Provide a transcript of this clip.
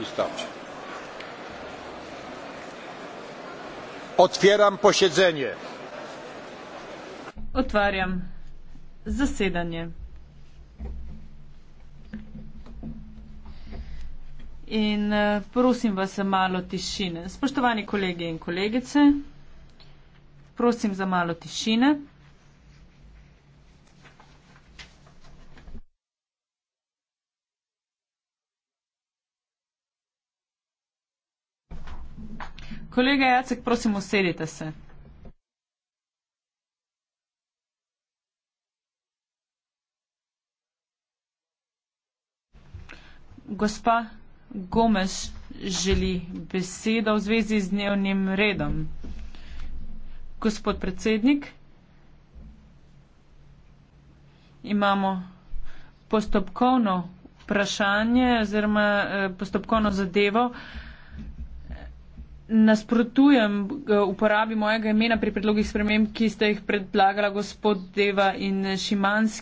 istocie. E, Otwieram posiedzenie. Otwieram zasiedanie. In e, prosim vas za malo tišine. Spoštovani kolegi in kolegice, prosim za malo tišine. Kolega Jacek, prosim, usedite se. Gospa Gomes želi besedo v zvezi z dnevnim redom. Gospod predsednik, imamo postopkovno vprašanje oziroma eh, postopkovno zadevo nasprotujem eh, uporabi mojega imena pri predlogih sprememb, ki ste jih predlagala gospod Deva in Šimanski.